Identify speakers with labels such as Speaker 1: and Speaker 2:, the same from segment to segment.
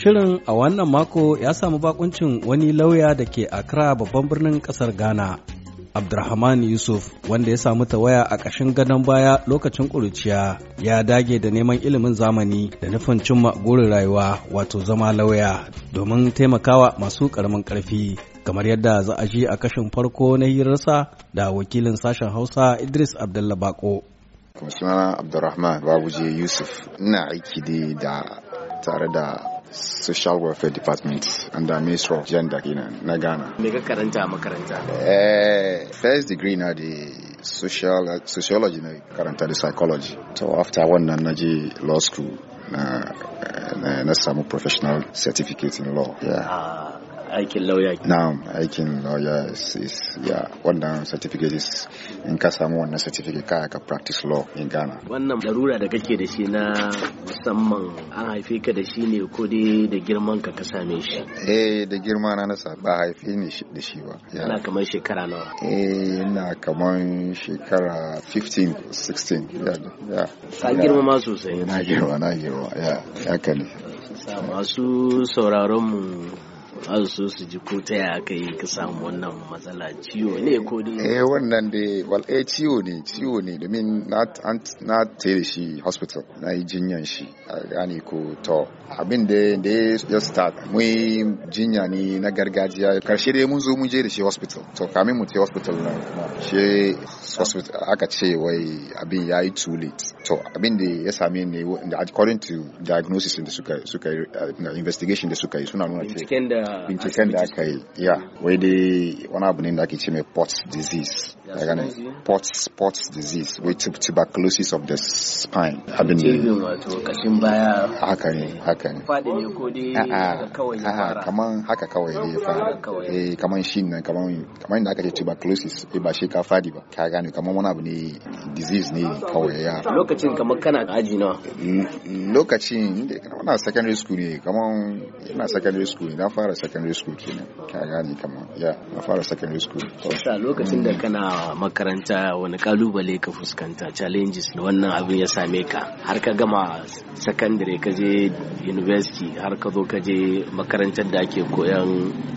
Speaker 1: Shirin a wannan mako ya samu bakuncin wani lauya da ke Accra babban birnin kasar Ghana. Abdurrahman Yusuf wanda ya samu tawaya a ƙashin gadon baya lokacin ƙuruciya ya dage da neman ilimin zamani da nufin cimma gurin rayuwa wato zama lauya domin taimakawa masu ƙaramin ƙarfi kamar yadda za a ji a kashin farko na hirarsa da wakilin sashen Hausa Idris Abdullah
Speaker 2: Bako. Sunana Abdurrahman Babuje Yusuf ina aiki da tare da social welfare department under minister of gender kenan na ghana
Speaker 3: me ka karanta makaranta
Speaker 2: eh first degree na da social sociology na karanta da psychology so after wannan na je law school na eh, na, na samu professional certificate in law yeah. Ah. aikin lauya na'am aikin lauya is ya wannan certificate is in ka samu wannan certificate ka ka practice law in Ghana
Speaker 3: wannan larura da kake da shi na musamman an haife ka da shi ne ko dai da girman ka ka same shi eh da girma na nasa ba haife ni da shi ba yana kamar shekara nawa
Speaker 2: eh yana kamar shekara 15 16 ya ya ka girma ma
Speaker 3: sosai na girma na girma ya ya kani. masu sauraron mu za su so su ji ko ta yaya aka yi ka samu wannan matsala ciwo ne ko dai eh
Speaker 2: wannan da wal eh ciwo ne ciwo ne domin na na tere shi hospital na yi jinyan shi a gane ko to abin da da ya start mai jinya ne na gargajiya karshe dai mun zo mun je da shi hospital to kamin mu je hospital na shi hospital aka ce wai abin ya yi too late to abin da ya same ne according to diagnosis da suka suka uh, investigation da suka yi suna nuna
Speaker 3: cewa binciken da
Speaker 2: aka yi ya wai dai wani abu ne da ake ce mai pot disease ya gane pot pot disease wai tuberculosis of the spine abin da wato kashin baya haka ne haka ne
Speaker 3: fadi ne ko dai kawai fara kaman
Speaker 2: haka kawai ya fara eh, kaman shin kaman kaman da aka ce tuberculosis eh ba shi ka fadi ba ka gane kaman wani abu ne disease ne kawai ya lokacin kaman kana aji nawa lokacin ina secondary school ne kaman ina secondary school na fara secondary school kenan ka gane kama ya na fara secondary school sa
Speaker 3: lokacin da kana makaranta wani kalubale ka fuskanta challenges da wannan abin ya same ka har ka gama secondary ka je university har ka zo ka je makarantar da ake koyan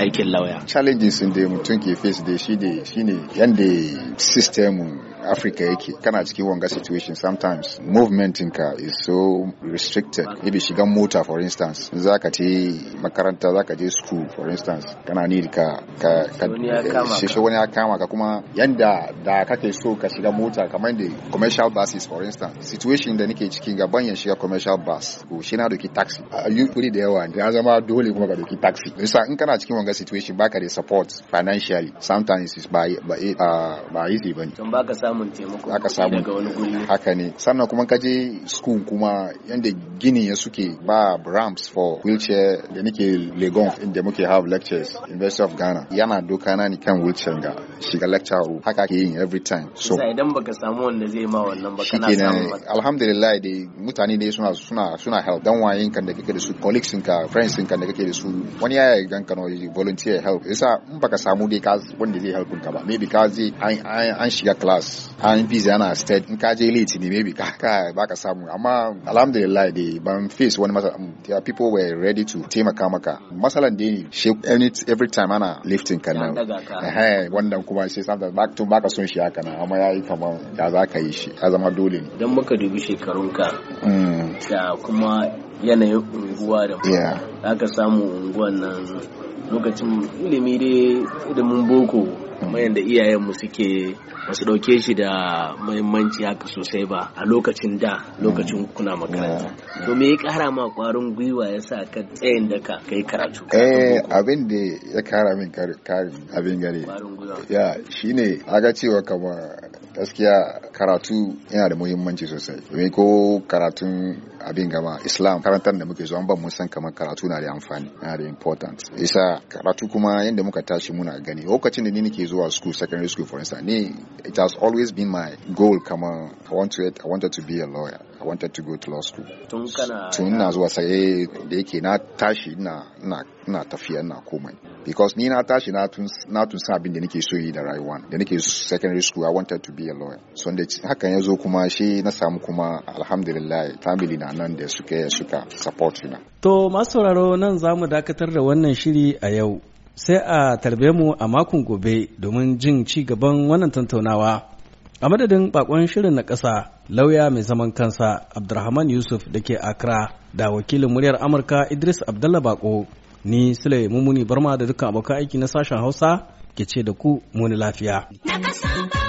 Speaker 3: aikin lauya
Speaker 2: challenges din da mutum ke face da shi ne shine yanda system Africa yake kana cikin wanga situation sometimes movement ka is so restricted maybe shigan mota for instance zaka makaranta zaka je to for instance kana need ka ka shi eh, wani ya kama ka kuma yanda da kake so ka shiga mota kamar da commercial buses for instance situation da nake ciki ga banyan shiga commercial bus ko shi na doki taxi yi kuri da yawa da zama dole kuma ka doki taxi yasa in kana cikin wanga situation baka da support financially sometimes is ba ba eh, easy bane don baka samun taimako aka samu daga wani guri haka ne sannan kuma kaje school kuma yanda gini ya suke ba ramps for wheelchair da nake legon inda muke have lectures University of Ghana yana doka na ni kan wheelchair ga shiga lecture room haka ke yin every time so
Speaker 3: idan baka samu wanda zai ma wannan ba kana samu
Speaker 2: alhamdulillah dai mutane dai suna suna suna help dan wayin kan da kake da su colleagues ka friends ka da kake da su wani yaya gan ka no volunteer help yasa in baka samu dai ka wanda zai help ka ba maybe ka kazi an an shiga class an busy ana state in ka je late ne maybe ka baka samu amma alhamdulillah dai mai Banfis wani masa mm, their people were ready to taimaka maka masalan dai she every time ana lifting ka nan
Speaker 3: eh
Speaker 2: wannan kuma sai sometimes back to baka son shi haka nan amma yayi kamar ya za ka yi shi ya zama dole ne
Speaker 3: dan muka dubi shekarunka ka
Speaker 2: mm. kuma yanayin
Speaker 3: unguwa da za ka samu unguwan nan lokacin ilimi dai boko kamar yadda iyayenmu suke basu ɗauke shi da mahimmanci haka sosai ba a lokacin da lokacin kuna makaranta mm. to me ya kara ma kwarin
Speaker 2: gwiwa ya sa ka tsayin da ka kai karatu eh abin da ya kara min karin abin gare ya shine aga cewa kamar gaskiya karatu yana da muhimmanci sosai domin ko karatun abin gama islam karantar da muke zuwa ban mun san kamar karatu na da amfani yana da important isa karatu kuma yadda muka tashi muna gani lokacin da ni nake zuwa school secondary school for instance ni it has always been my goal kamar i want to i wanted to be a lawyer i wanted to go to law school
Speaker 3: tun kana tun
Speaker 2: na zuwa sai da yake na tashi ina ina tafiya ina komai because ni na tashi na tun na abin da nake so yi da rayuwa da nake secondary school I wanted to be a lawyer so da hakan ya zo kuma shi na samu kuma alhamdulillah family na nan da suka suka support na
Speaker 1: to masu sauraro nan zamu dakatar da wannan shiri a yau sai a tarbe mu a makon gobe domin jin ci gaban wannan tattaunawa a madadin bakon shirin na ƙasa lauya mai zaman kansa abdulrahman yusuf da ke accra da wakilin muryar amurka idris abdullah bako ni sule mummuni barma da dukkan abokan aiki na sashen hausa ke ce da ku muni lafiya.